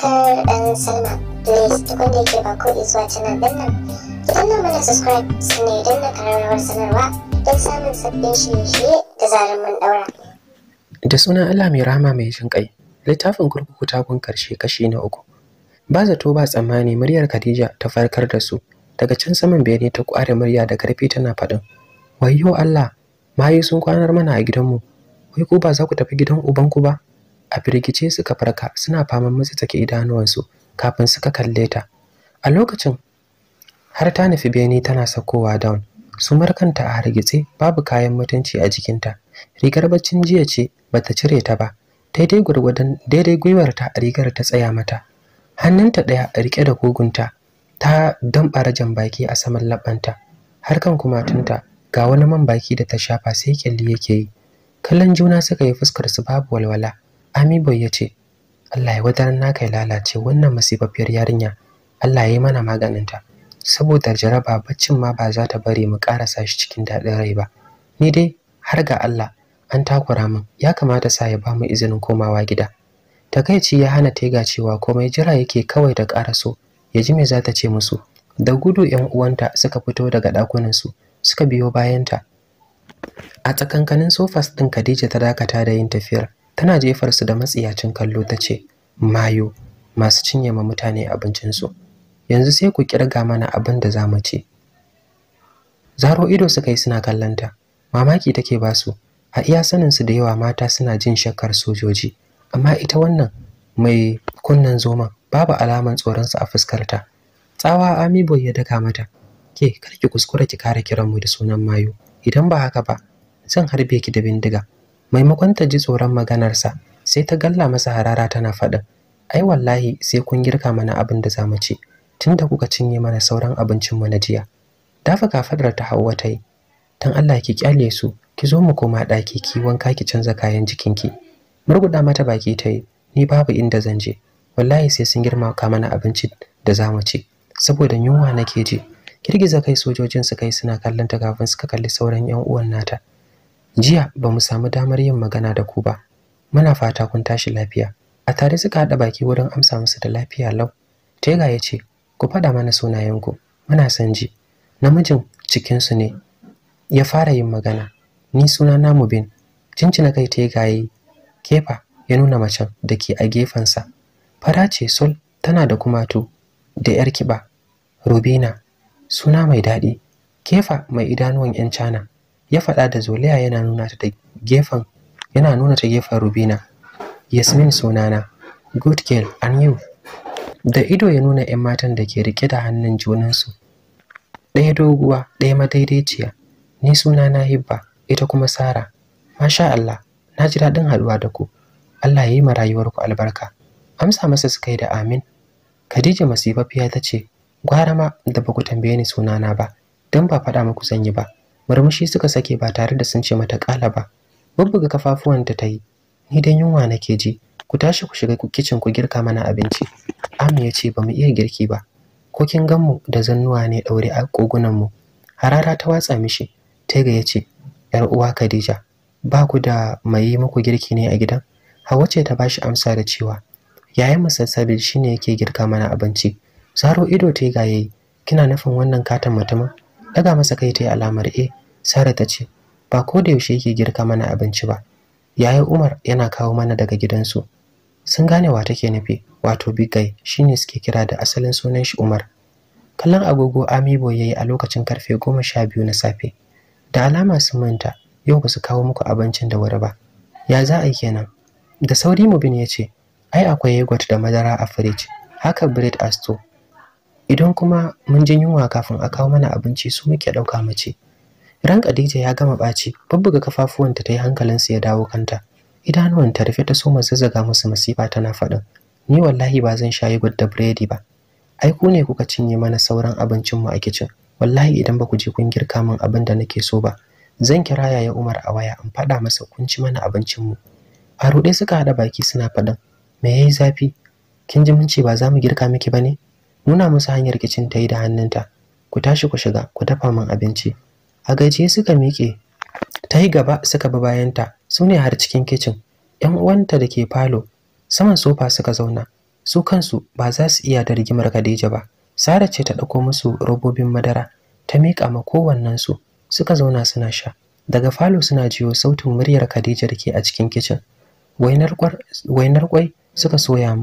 subscribe and sign up. Please da ba zuwa subscribe sanarwa don samun da sunan Allah mai rahama mai jin kai. Littafin kurkuku kun karshe kashi na uku. Ba zato ba tsammani muryar Khadija ta farkar da su. Daga can saman bene ta kware murya da karfi tana faɗin. Wayyo Allah, mayi sun kwanar mana a gidanmu. Wai ku ba za ku tafi gidan ubanku ba? a firgice suka farka suna faman mutsitsake idanuwansu kafin suka kalle ta a lokacin har ta nufi bene tana sakowa down su markanta a hargitse babu kayan mutunci a jikinta rigar baccin jiya ce bata cire ta ba daidai gwargwadon daidai gwiwarta a rigar ta tsaya mata hannunta ɗaya rike da kogunta ta dambara baki a saman labanta har kan kumatunta ga wani man baki da ta shafa sai kyalli yake yi kallon juna suka yi fuskar su babu walwala Amibo ya ce, Allah ya wadaran na kai lalace wannan masifafiyar yarinya. Allah ya yi mana maganinta. Saboda jaraba baccin ma ba za ta bari mu karasa shi cikin daɗin rai ba. Ni dai har ga Allah an takura min ya kamata sa ya ba mu izinin komawa gida. Takaici ya hana tega cewa komai jira yake kawai da karaso ya ji me za ta ce musu. Da gudu 'yan uwanta suka fito daga ɗakunansu suka biyo bayanta. A tsakankanin sofas ɗin Khadija ta dakata da yin tafiyar tana jefar su da matsiyacin kallo ta ce mayo masu cinye ma mutane abincinsu yanzu sai ku kirga mana abin da za mu ci zaro ido suka yi suna kallonta mamaki take su. a iya saninsu da yawa mata suna jin shakkar sojoji amma ita wannan mai kunnen zoma babu alaman su a fuskarta tsawa amibo ya daka mata ke karki kuskura ki kara kiranmu da sunan mayo idan ba haka ba zan harbe ki da bindiga maimakon ta ji tsoron maganarsa sai ta galla masa harara tana faɗin ai wallahi sai kun girka mana abin da za mu ci tunda kuka cinye mana sauran abincin mu na jiya dafa kafadar ta Hauwa ta dan Allah ki kyale su ki zo mu koma ɗaki ki wanka ki canza kayan jikinki murguda mata baki ta ni babu inda zan je wallahi sai sun girma ka mana abinci da za mu ci saboda yunwa nake ji girgiza kai sojojin su kai suna kallon ta kafin suka kalli sauran yan uwan nata jiya ba mu samu damar yin magana da ku ba muna fata kun tashi lafiya a tare suka haɗa baki wurin amsa musu da lafiya lau tega ya ce ku faɗa mana sunayenku muna son ji namijin cikinsu ne ya fara yin magana ni suna Namu mubin cincina kai tega yi kefa ya nuna macen da ke a gefensa fara ce sol tana da kumatu da yar kiba rubina suna mai daɗi kefa mai idanuwan 'yan cana ya faɗa da zoliya yana nuna ta gefen yana nuna ta gefen Rubina Yasmin sunana good girl and you da ido ya nuna 'yan matan da ke rike da hannun junansu ɗaya doguwa ɗaya madaidaiciya ni sunana Hibba ita kuma Sara masha Allah na ji daɗin haɗuwa da ku Allah ya yi ma rayuwarku albarka amsa masa suka yi da amin Khadija masifafiya ta ce gwara ma da ba ku tambaye ni sunana ba don ba faɗa muku sanyi ba murmushi suka sake ba tare da sun ce mata ƙala ba bubbuga kafafuwanta ta yi ni dan yunwa nake ji ku tashi ku shiga kicin ku girka mana abinci amu ya ce ba mu iya girki ba ko kin gan mu da zannuwa ne daure a kogunan mu harara ta watsa mishi tega ya ce yar uwa khadija ba ku da mai yi muku girki ne a gidan hawa ce ta bashi amsa da cewa yayin musassabil shine yake girka mana abinci zaro ido tega yayi kina nufin wannan katon mutumin daga masa kai ta alamar e Sara ta ce, ba ko da yaushe yake girka mana abinci ba. Yayin Umar yana kawo mana daga gidansu. Sun gane wa take nufi, wato Big shine suke kira da asalin sunan shi Umar. Kallon agogo Amibo yayi a lokacin karfe goma sha biyu na safe. Da alama sun manta, yau ba su kawo muku abincin da wuri ba. Ya za a yi kenan? Da sauri Mubin ya ce, ai akwai yogurt da madara a fridge, haka bread a store. Idan kuma mun ji yunwa kafin a kawo mana abinci su muke ɗauka mace. ran Khadija ya gama ɓaci babbuga kafafuwanta ta yi hankalinsu ya dawo kanta idanuwan ta rufe ta so mu zazzaga musu masifa tana faɗin ni wallahi ba zan shayi gudda da biredi ba ai ku ne kuka cinye mana sauran abincinmu a kicin wallahi idan ba ku je kun girka min abin da nake so ba zan kira yaya Umar a waya in faɗa masa kun ci mana abincinmu a ruɗe suka haɗa baki suna faɗin me yayi zafi kin ji mun ce ba za mu girka miki ba ne nuna musu hanyar kicin ta yi da hannunta ku tashi ku shiga ku dafa min abinci a gaje suka miƙe ta yi gaba suka bi bayanta su ne har cikin kicin yan uwanta da ke falo saman sofa suka zauna su kansu ba za su iya da rigimar Khadija ba Sara ce ta ɗauko musu robobin madara ta miƙa ma kowannensu suka zauna suna sha daga falo suna jiyo sautin muryar Khadija da ke a cikin kicin wainar kwai suka soya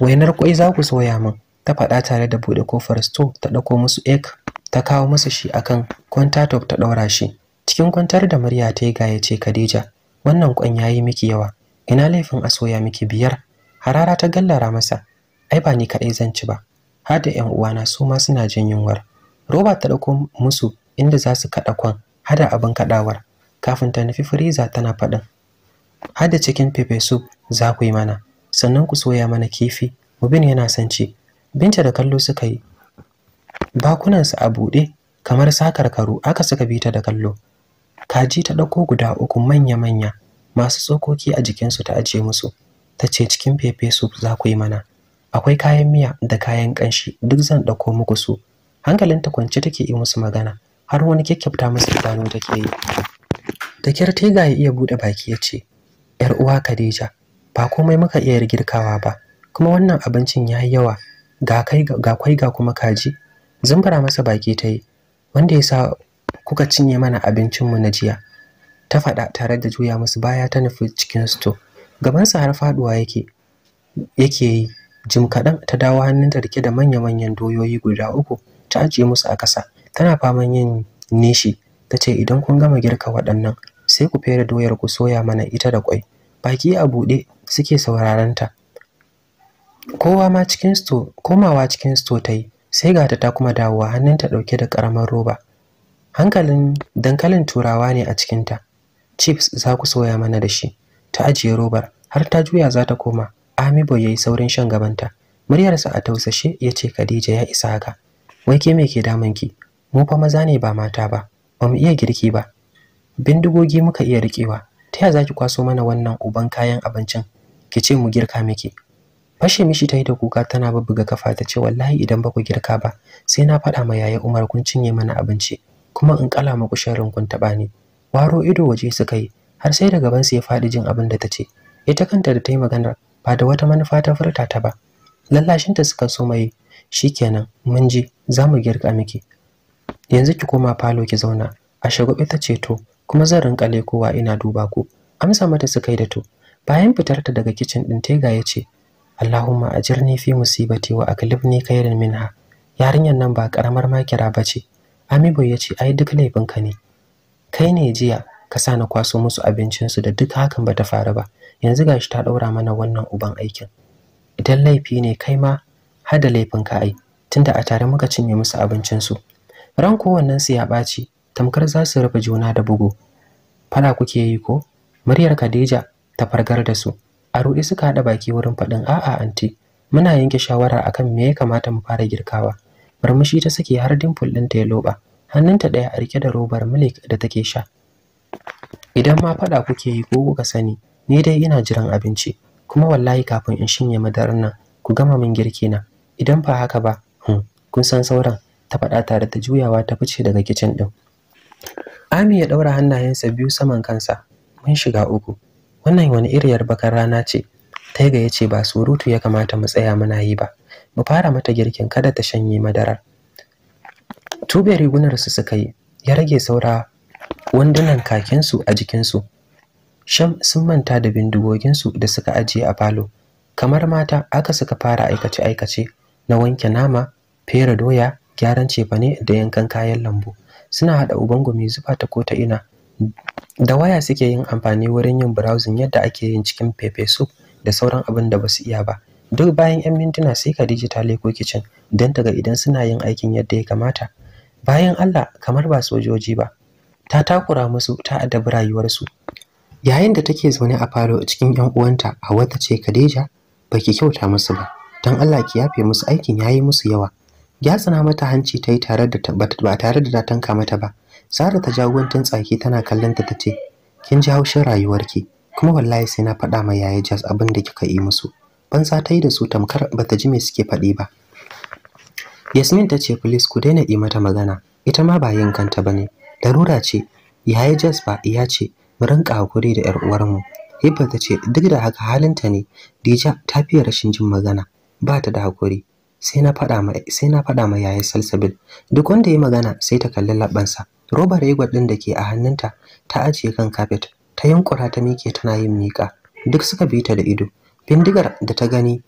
wainar kwai za ku soya min ta faɗa tare da buɗe kofar store ta ɗauko musu egg ta kawo masa shi akan tok ta ɗaura shi cikin kwantar da murya ta yi gaya ce Khadija wannan kwan yayi miki yawa ina laifin asoya miki biyar harara ta gallara masa ai ba ni kadai zan ci ba har da ƴan uwana su ma suna jin yunwar roba ta ɗauko musu inda za su kaɗa kwan hada abin kaɗawar kafin ta nufi firiza tana faɗin Hada cikin pepe soup za ku yi mana sannan ku soya mana kifi mubin yana son ci binta da kallo suka yi bakunansu a buɗe kamar sakarkaru aka saka bi ta da kallo kaji ta ɗauko guda uku manya-manya masu tsokoki a jikinsu ta ajiye musu ta ce cikin fefe su za ku yi mana akwai kayan miya da kayan ƙanshi duk zan ɗauko muku su hankalin ta kwance take yi musu magana har wani kyakkyafta musu idanu take yi da kyar tega ya iya buɗe baki ya ce ‘yar uwa Khadija ba komai muka iya girkawa ba kuma wannan abincin ya yi yawa ga kai ga kuma kaji zumbura masa baki ta yi wanda ya sa kuka cinye mana abincinmu na jiya ta faɗa tare da juya musu baya ta nufi cikin sto gabansa har faɗuwa yake yake yi jim kaɗan ta dawo hannunta rike da manya-manyan doyoyi guda uku ta ajiye musu a ƙasa tana faman yin nishi ta ce idan kun gama girka waɗannan sai ku fere doyar ku soya mana ita da kwai baki a buɗe suke sauraron ta kowa ma cikin sto komawa cikin sto ta yi sai gata ta kuma dawowa hannunta ɗauke da ƙaramar roba hankalin dankalin turawa ne a cikinta chips za ku soya mana da shi ta ajiye robar har ta juya za ta koma amibo ya yi saurin shan gabanta muryarsa a tausashe ya ce khadija ya isa haka wai ke me ke ki? mu fa maza ne ba mata ba ba mu iya girki ba bindigogi muka iya riƙewa ta ya za ki kwaso mana wannan uban kayan abincin ki ce mu girka miki fashe mishi ta yi da kuka tana bubbuga kafa ta ce wallahi idan ba ku girka ba sai na faɗa ma yaya Umar kun cinye mana abinci kuma in kala muku sharrin kun taɓa ni waro ido waje suka yi har sai da gaban su ya faɗi jin abin da ta ce ita kanta da ta yi magana ba da wata manufa ta furta ta ba lallashinta suka so mai shikenan mun ji za mu girka miki yanzu ki koma falo ki zauna a shago ta ce to kuma zan rinka lekowa ina duba ku amsa mata suka yi da to bayan fitar ta daga kicin din tega ya ce Allahumma ajirni fi musibati wa aklibni khairan minha Yarinyan nan ba karamar makira bace Amibo ya ce ai duk laifinka ne kai ne jiya ka sa na kwaso musu abincin su da duk hakan bata faru ba yanzu gashi ta daura mana wannan uban aikin idan laifi ne kai ma hada laifinka ai tunda a tare muka cinye musu abincin su ran kowannen su ya ɓaci tamkar za su rufe juna da bugu Faɗa kuke yi ko muryar Khadija ta fargar da su a ruɗe suka haɗa baki wurin faɗin a'a anti muna yanke shawara akan me ya kamata mu fara girkawa murmushi ta sake har dimple ɗinta ya loɓa, hannunta ɗaya a rike da robar milik da take sha idan ma faɗa kuke yi ko kuka sani ni dai ina jiran abinci kuma wallahi kafin in shinye madarar nan ku gama min girki na idan ba haka ba hmm, kun san sauran ta faɗa tare da juyawa ta fice daga kicin ɗin ami ya ɗaura hannayensa biyu saman kansa mun shiga uku wannan wani iriyar bakar rana ce taiga ya ce ba surutu ya kamata mu tsaya muna yi ba mu fara mata girkin kada ta shanye madarar tube rigunar su suka yi ya rage saura wandunan kakinsu a jikinsu sham sun manta da bindigoginsu da suka ajiye a falo kamar mata aka suka fara aikace-aikace na wanke nama fere doya gyaran cefane da yankan kayan lambu suna haɗa ubangumi zufa ta ko ta ina da waya suke yin amfani wurin yin browsing yadda ake yin cikin pepe soup da sauran abin da basu iya ba duk bayan 'yan mintuna sai ka ta ko kitchen don daga idan suna yin aikin yadda ya kamata bayan Allah kamar ba sojoji ba ta takura musu ta adabi rayuwarsu yayin da take zaune a falo cikin 'yan uwanta Hauwa wata ce Khadija baki kyauta musu ba don Allah ki yafe musu aikin yayi musu yawa ya tsana mata hanci ta yi tare da ba tare da ta tanka mata ba Sara ta jagorancin tsaki tana kallon ta tace kin ji haushin rayuwar ki, kuma wallahi sai na faɗa ma yaya Jas abin da kika yi musu ban sa ta yi da su tamkar ba ta ji me suke faɗi ba Yasmin ta ce please ku daina yi mata magana ita ma ba yin kanta ne. larura ce yaya Jas ba iya ce mu rinka hakuri da yar uwarmu Hibba ta ce duk da haka halinta ne Dija ta fiye rashin jin magana ba ta da hakuri sai na faɗa ma sai na faɗa ma yaya Salsabil duk wanda ya magana sai ta kalli labansa robar regot ɗin da ke a hannunta ta ajiye kan kafet ta yankura ta miƙe tana yin miƙa duk suka bi ta da ido bindigar da ta gani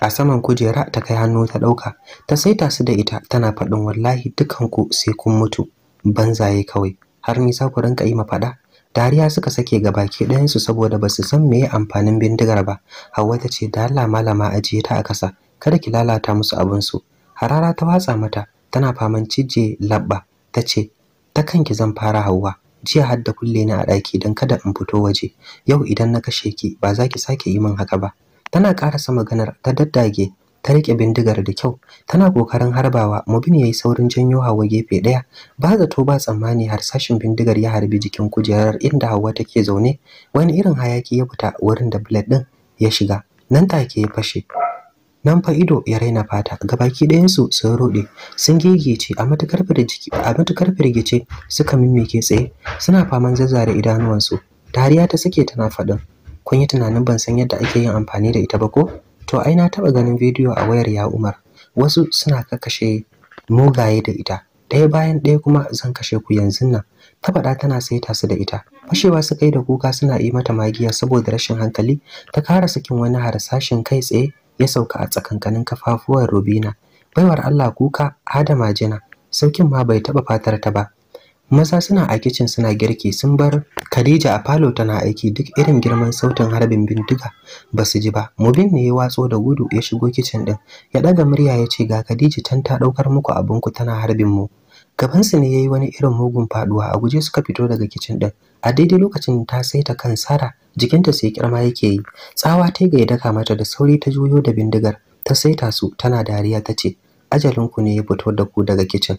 a saman kujera ta kai hannu ta ɗauka ta saita su da ita tana faɗin wallahi dukanku sai kun mutu banzaye kawai har ni za ku rinka yi faɗa dariya suka sake ga baki ɗayansu saboda ba su san meye amfanin bindigar ba Hauwa ta ce da Allah malama ajiye ta a kasa kada ki lalata musu abinsu harara ta watsa mata tana faman cije labba ta ce ta kanki zan fara hawa jiya har da kulle ni a ɗaki dan kada in fito waje yau idan na kashe ki ba za ki sake yi min haka ba tana karasa maganar ta daddage ta rike bindigar da kyau tana kokarin harbawa mubin yayi saurin janyo hawa gefe daya ba zato ba tsammani har sashin bindigar ya harbi jikin kujerar inda hawa take zaune wani irin hayaki ya fita wurin da blade din ya shiga nan take ya fashe nan fa ido ya raina fata gabaki ɗayansu sun ruɗe sun gegece a matukar firgice a matuƙar firgice suka mimmike tsaye suna faman zazzare idanuwansu dariya ta sake tana faɗin kun yi tunanin ban san yadda ake yin amfani da ita ba ko to ai na taɓa ganin bidiyo a wayar ya umar wasu suna kakkashe mugaye da ita ɗaya bayan ɗaya kuma zan kashe ku yanzu nan ta faɗa tana saita su da ita fashewa su kai da kuka suna yi mata magiya saboda rashin hankali ta kara sakin wani harsashin kai tsaye ya sauka a tsakankanin kafafuwan Rubina. Baiwar Allah kuka Adama jina saukin ma bai taba fatar ta ba. Maza suna a kicin suna girki sun bar Khadija a falo tana aiki duk irin girman sautin harbin bindiga ba su ji ba. Mubin ne ya watso da gudu ya shigo kicin din. Ya daga murya ya ce ga Khadija tan ta daukar muku abinku tana harbin mu. gabansu ne ya yi wani irin mugun faduwa a guje suka fito daga kicin ɗin a daidai lokacin ta saita kan sara jikinta sai kirma yake yi tsawa ta ga ya daka mata da sauri ta juyo da bindigar ta saita su tana dariya ta ce ajalinku ne ya fito da ku daga kicin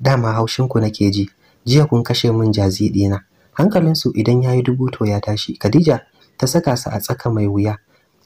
dama haushin ku nake ji jiya kun kashe min jazi ɗina hankalinsu idan ya yi dubu to ya tashi khadija ta saka su a tsaka mai wuya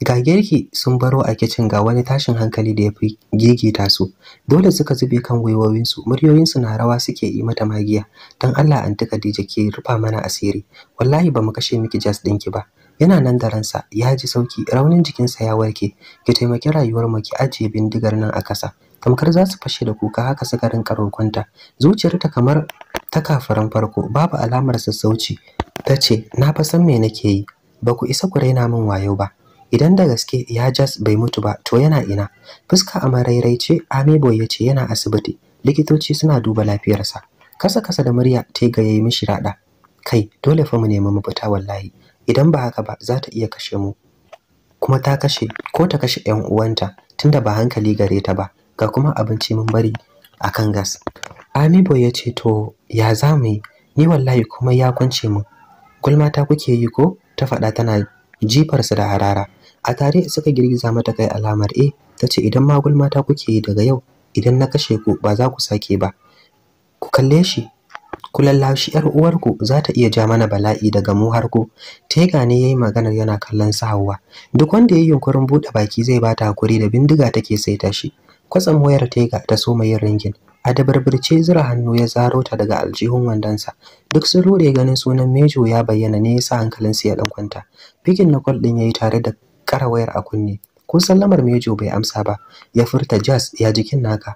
ga girki sun baro a kicin ga wani tashin hankali da ya fi gigita su dole suka zube kan gwiwowinsu muryoyinsu na rawa suke yi mata magiya don allah anti khadija ke rufa mana asiri wallahi ba mu kashe miki jas ɗinki ba yana nan da ransa ya ji sauki raunin jikinsa ya warke ki taimaki rayuwar mu ki ajiye bindigar nan a kasa tamkar za su fashe da kuka haka suka rinka roƙonta zuciyarta kamar ta kafaran farko babu alamar sassauci ta ce na fa san me nake yi ba ku isa ku raina min wayo ba idan da gaske ya jas bai mutu ba to yana ina fuska a marairaice amebo ya ce yana asibiti likitoci suna duba lafiyarsa kasa kasa da murya ta ga yi mishi rada kai dole fa mu nemi mu fita wallahi idan ba haka ba za ta iya kashe mu kuma ta kashe ko ta kashe yan uwanta tunda ba hankali gare ta ba ga kuma abinci mun bari akan gas Amibo ya ce to ya za mu ni wallahi kuma ya kwance mu gulma ta kuke yi ko ta faɗa tana jifarsa da harara a tare suka girgiza mata kai alamar e ta ce idan magulma ta kuke yi daga yau idan na kashe ku ba za ku sake ba ku kalle shi ku lallashi yar uwarku za ta iya ja mana bala'i daga mu har ku tega ne yayi maganar yana kallon Hauwa. duk wanda yayi yunkurin bude baki zai bata hakuri da bindiga take sai ta shi kwatsam wayar tega ta soma yin ringin a dabarbirce zura hannu ya zaro ta daga aljihun wandonsa duk sun rure ganin sunan mejo ya bayyana ne yasa sa ya dan kwanta bikin na kwal din yayi tare da Kara wayar a kunne kun san lamar mejo bai amsa ba ya furta jazz ya jikin naka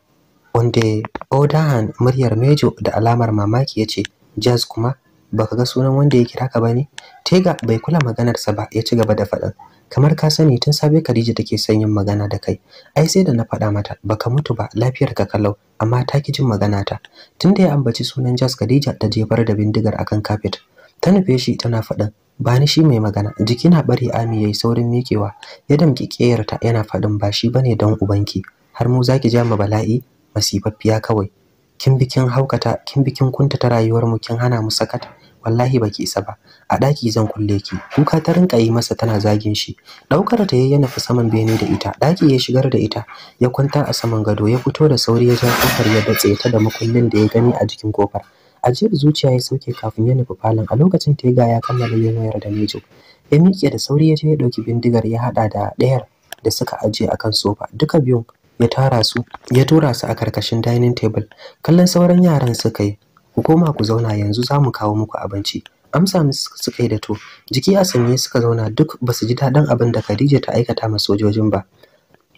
wanda odahan muryar mejo da alamar mamaki ya ce jazz kuma baka ga sunan wanda ya kira ka ba ne tega bai kula maganarsa ba ya ci gaba da faɗin kamar ka sani tun safe Khadija take son yin magana da kai ai sai da na faɗa mata baka mutu ba lafiyar ka kalau amma ta ki jin magana ta tunda ya ambaci sunan jazz Khadija ta jefar da bindigar akan kafet ta nufe shi tana faɗin ba ni shi mai magana jiki na bari ami yayi saurin mikewa ya damki ƙeyarta yana faɗin ba shi bane dan ubanki har mu zaki ja mu bala'i masifaffiya kawai kin bikin haukata kin bikin kunta ta rayuwar mu kin hana mu sakata? wallahi baki isa ba a daki zan kulle ki kuka ta rinka yi masa tana zagin shi daukar ta yayin nufi saman bene da ita daki ya shigar da ita ya kwanta a saman gado ya fito da sauri ya ja kofar ya datse ta da makullin da ya gani a jikin kofar ajiyar zuciya ya sauke kafin ya nufi falon a lokacin tega ya kammala yin wayar da mejo ya miƙe da sauri ya je ya ɗauki bindigar ya haɗa da ɗayar da suka ajiye a kan sofa duka biyun ya tara su ya tura su a karkashin dining table kallon sauran yaran suka yi ku koma ku zauna yanzu za mu kawo muku abinci amsa musu suka yi da to jiki a sanye suka zauna duk ba su ji daɗin abin da Khadija ta aikata ma sojojin ba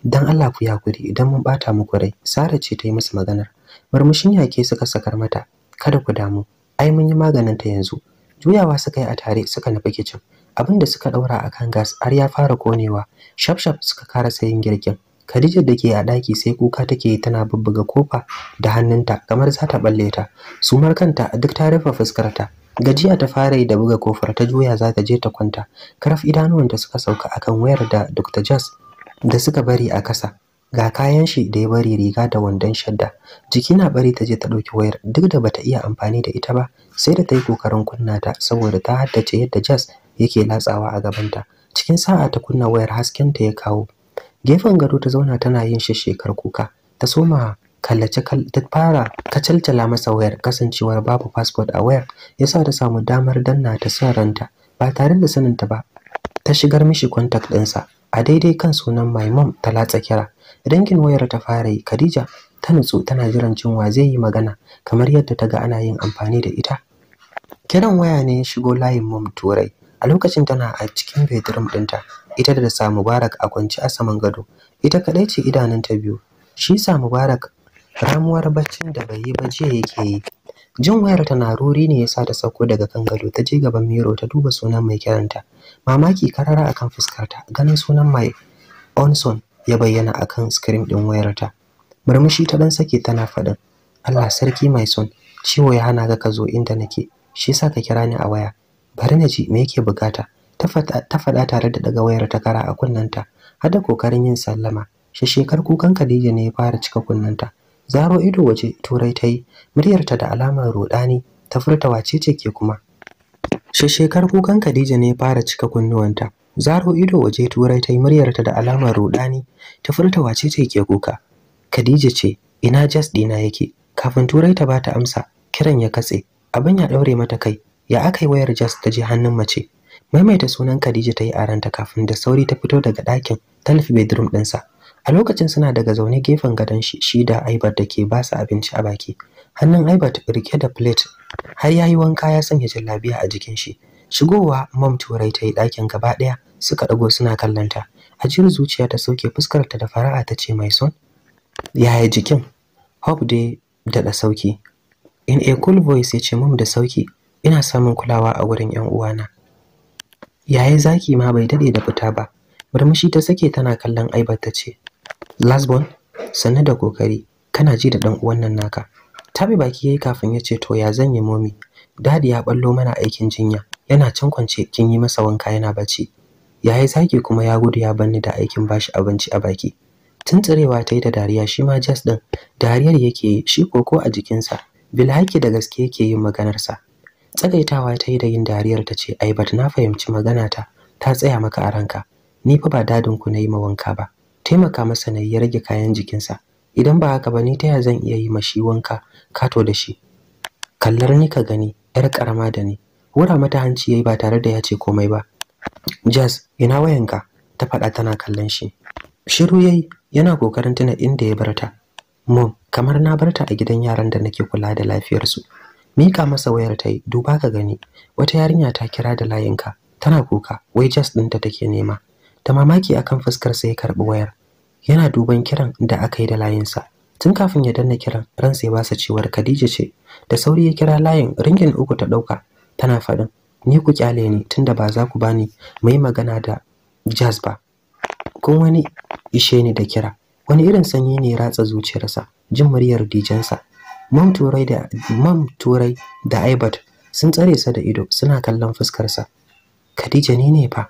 dan Allah ku yakuri idan mun bata muku rai Sara ce ta yi musu maganar murmushin yake suka sakar mata kada ku damu ai mun yi maganin ta yanzu juyawa suka yi a tare suka nufi kicin abin da suka daura kan gas har ya fara konewa shafshaf suka kara sayin girkin Khadija da ke a daki sai kuka take tana bubbuga kofa da hannunta kamar za ta balle ta sumar kanta duk ta rufe fuskarta gajiya ta fara yi da buga kofar ta juya za ta je ta kwanta karaf idanuwanta suka sauka akan wayar da Dr. Jazz da suka bari a kasa ga kayan shi da ya bari riga da wandon shadda jiki na bari ta je ta ɗauki wayar duk da bata iya amfani da ita ba sai da ta yi kokarin kunna ta saboda ta haddace yadda jas yake latsawa a gabanta cikin sa'a ta kunna wayar hasken ta ya kawo gefen gado ta zauna tana yin shekar kuka ta soma kallace ta fara kacalcala masa wayar kasancewar babu passport a wayar yasa ta samu damar danna ta son ranta ba tare da saninta ba ta shigar mishi contact ɗinsa a daidai kan sunan my ta latsa kira dangin wayar ta fara yi khadija ta nutsu tana jiran jin wa zai yi magana kamar yadda ta ga ana yin amfani da ita kiran waya ne ya shigo layin mum turai a lokacin tana a cikin bedroom ɗinta ita da sa mubarak a kwance a saman gado ita kaɗai ce idanunta biyu shi sa mubarak ramuwar baccin da bai yi ba jiya yake yi jin wayar ta na ruri ne yasa ta sauko daga kan gado ta je gaban miro ta duba sunan mai kiranta mamaki karara akan fuskarta ganin sunan mai onson ya bayyana akan screen din wayarta murmushi ta dan sake tana faɗin Allah sarki mai son ciwo ya hana ka zo inda nake shi yasa ka kira ni a waya bari na ji me yake bukata ta faɗa tare da daga wayar ta kara a kunnanta har da kokarin yin sallama shi shekar kukan Khadija ne ya fara cika kunnanta zaro ido waje turai ta yi muryarta da alamar rudani ta furta wace ce ke kuma shekar kukan Khadija ne ya fara cika kunnuwanta zaro ido waje turai ta yi muryarta da alamar rudani ta furta wace ce ke kuka khadija ce ina jas dina yake kafin turai ta bata amsa kiran ya katse abin ya daure mata kai ya aka wayar jas ta ji hannun mace maimaita sunan khadija ta yi aronta kafin da sauri ta fito daga ɗakin ta nufi bedroom ɗinsa a lokacin suna daga zaune gefen gadon shi shi da aibar da ke basa abinci a baki hannun aibar rike da plate har yayi wanka ya sanya jallabiya a jikin shi shigowa mam turai ta yi ɗakin gaba ɗaya suka ɗago suna kallonta cikin zuciya ta sauke fuskarta da fara'a ta ce mai son yaya jikin hope dai daɗa sauki in a cool voice ya ce mum da sauki ina samun kulawa a wurin yan uwana yaya zaki ma bai daɗe da fita ba murmushi ta sake tana kallon aibar ta ce lasbon sannu da kokari kana ji da ɗan uwan nan naka tabi baki yayi kafin ya ce to ya zan yi momi dadi ya ballo mana aikin jinya yana can kwance kin yi masa wanka yana bacci ya yi zaki kuma ya gudu ya banni da aikin bashi abinci a baki tsarewa ta yi da dariya shi ma jas ɗin dariyar yake yi shi koko a jikinsa bilhaki da gaske yake yin maganarsa tsagaitawa ta yi da yin dariyar ta ce ai bata na fahimci magana ta ta tsaya maka a ranka ni fa ba dadin ku na yi ma wanka ba taimaka masa na ya rage kayan jikinsa idan ba haka ba ni ta zan iya yi ma shi wanka kato da shi kallar ni ka gani yar karama da ni wura mata hanci yayi ba tare da ya ce komai ba jazz ina wayanka ta faɗa tana kallon shi shiru yayi yana kokarin tuna inda ya barta mom kamar na barta a gidan yaran da nake kula da lafiyarsu mika masa wayar ta yi duba ka gani wata yarinya ta kira da layinka tana kuka wai jazz ɗinta take nema ta mamaki akan fuskar sai ya karɓi wayar yana duban kiran da aka yi da layinsa tun kafin ya danna kiran ransa ya basa cewar Khadija ce da sauri ya kira layin ringin uku ta ɗauka, tana faɗin ni ku kyale ni tunda ba za ku bani mai magana da jazz ba kun wani ishe ni da kira wani irin sanyi ne ratsa zuciyarsa jin muryar dijansa mam turai da mam turai da aibat sun tsare sa da ido suna kallon fuskarsa khadija ne ne fa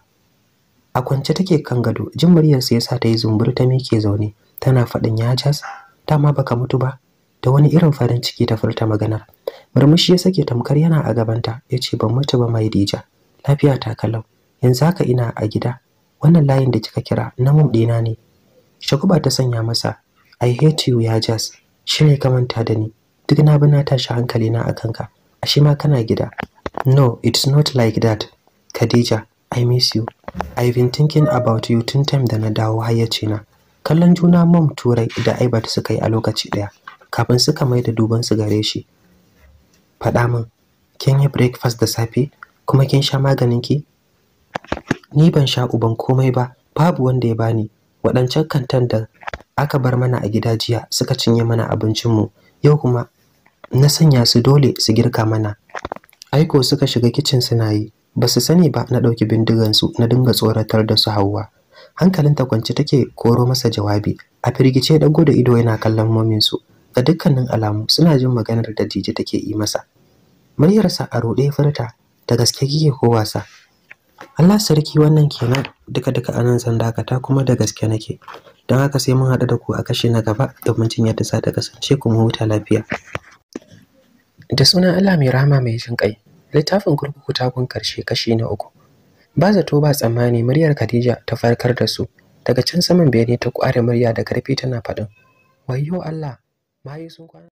a kwance take kan gado jin muryarsa yasa ta yi zumbur ta mike zaune tana faɗin ya jaz dama baka mutu ba da wani irin farin ciki ta furta maganar murmushi ya sake tamkar yana a gabanta ya ce ban mutu ba mai dija lafiya ta kalau yanzu haka ina a gida wannan layin da kika kira na mum ɗina ne shakuba ta sanya masa i hate you ya jas shi ka manta da ni duk na bana tashi hankali na a kanka ashe ma kana gida no it's not like that khadija i miss you i've been thinking about you tun time da na dawo na kallon juna mom turai da aibata suka yi a lokaci ɗaya kafin suka mai da duban su gare shi faɗa min kin yi breakfast da safe kuma kin sha maganin ki ni ban sha uban komai ba babu wanda ya bani waɗancan kantan da aka bar mana a gida jiya suka cinye mana abincinmu yau kuma na sanya su dole su girka mana aiko suka shiga kicin suna yi ba su sani ba na ɗauki bindigan su na dinga tsoratar da su hawa ta kwance take koro masa jawabi a firgice ɗago da ido yana kallon mominsu Da dukkanin alamu suna jin maganar da Dije take yi masa muryarsa a ruɗe furta da gaske kike ko wasa Allah sarki wannan kenan duka duka anan san dakata kuma da gaske nake don haka sai mun haɗu da ku a kashe na gaba domin jin yadda za ta kasance kuma huta lafiya da sunan Allah mai rahama mai jin kai littafin kurkuku ta kun karshe kashi na uku ba zato ba tsammani muryar Khadija ta farkar da su daga can saman bene ta kware murya da karfi tana faɗin wayyo Allah mais um quadro.